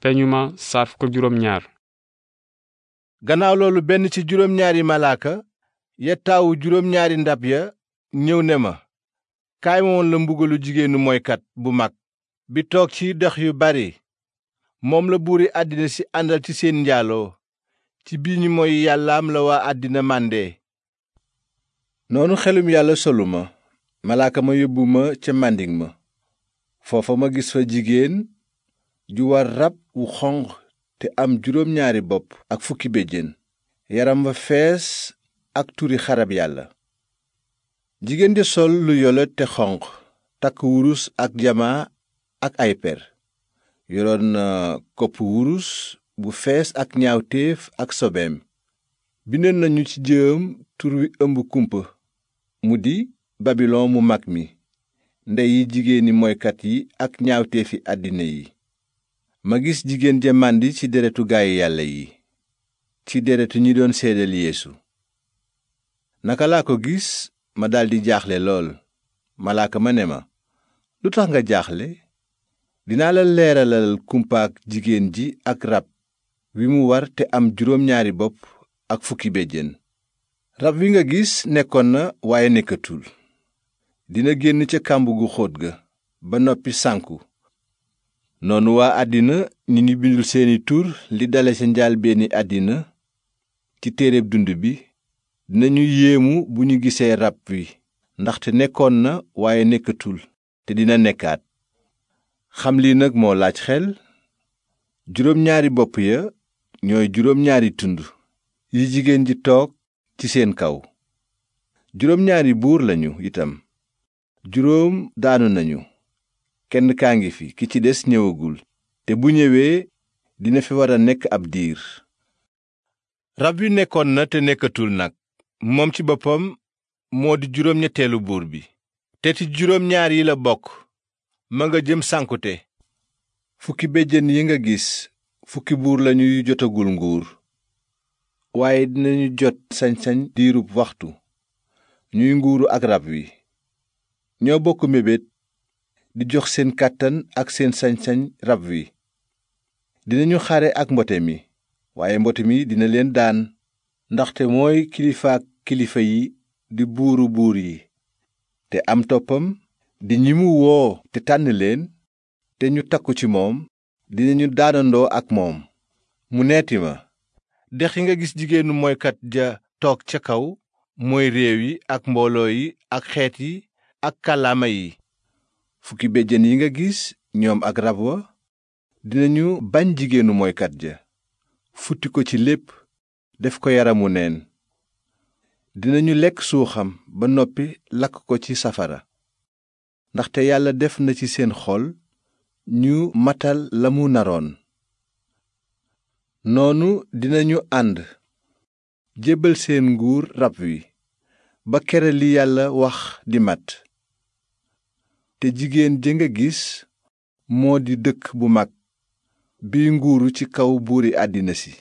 peñu ma saar gannaaw loolu benn ci juróom ñaari malaaka ya taawu juróom ñaari ndab ya ñëw ne ma kaay la mbugalu jigéenu moykat bu mag bi toog ci dex yu bari moom la buuri àddina si àndal ci seen njaaloo ci bii mooy moy yàllaam la waa àddina màndee noonu xelum yàlla solu ma malaaka ma yóbbu ma ca màndik ma foofa ma gis fa jigéen ju rab wu xonq te am juróom bopp ak fukki béjjén yaram wa fees ak turi xarab yàlla jigéen di sol lu yole te xonq takk wurus ak jamaa ak ay per yoroon na kopp wurus bu fees ak ñaawteef ak sobeem bindoon nañu ci jëm tur wi ëmb kumpa mu di babilon mu mag mi ndey yi jigéeni moykat yi ak ñaawteefi àddina yi ma gis jigéen ja màndi ci deretu gaay yàlla yi ci deretu ñi doon seedal yéesu naka laa ko gis ma daldi jaaxle lool malaaka ma ne ma lu tax nga jaaxle dinaa la leeralal kumpaak jigéen ji ak rab wi mu war te am juróom ñaari bopp ak fukki béjjén rab wi nga gis nekkoon na waaye nekkatul dina génn ca kàmb gu xóot ga ba noppi sànku noonu waa àddina ñi ñu bindul seeni tur li dale ca njaalbeeni àddina ci téere dund bi dinañu yéemu bu ñu gisee rab wi ndaxte nekkoon na waaye nekkatul te dina nekkaat xam lii nag moo laaj xel juróom ñaari bopp ya ñooy juróom ñaari tund yi jigéen ji toog ci seen kaw juróom ñaari buur lañu itam juróom daanu nañu kenn kaa ngi fi ki ci des ñëwagul te bu ñëwee dina fi war a nekk ab diir rab wi nekkoon na te nekkatul nag moom ci boppam moo di juróom ñetteelu buur bi te ci juróom ñaar yi la bokk ma nga jëm sànkute fukki béjjén yi nga gis fukki buur lañuy jotagul nguur waaye dinañu jot sañ-sañ diirub waxtu ñuy nguuru ak rab wi ñoo bokk mébét di jox seen kàttan ak seen sañ rab wi dinañu xare ak mbote mi waaye mbote mi dina leen daan ndaxte mooy kilifaak kilifa yi di buuru buur yi te am toppam di ñi mu woo te tànn leen te ñu takku ci moom dinañu daanandoo ak moom mu neeti ma dex yi nga gis jigéenu moykat ja toog ca kaw mooy réew yi ak mbooloo yi ak xeet yi ak kàllaama yi fukki béjjén yi nga gis ñoom ak rab wa dinañu bañ jigéenu mooykat ja futti ko ci lépp def ko yaramu neen dinañu lekk suuxam ba noppi lakk ko ci safara ndaxte yàlla def na ci seen xol ñu matal la mu naroon noonu dinañu ànd jébbal seen nguur rab wi ba kere li yàlla wax di mat te jigéen ja nga gis moo di dëkk bu mag bi nguuru ci kaw buuri àddina si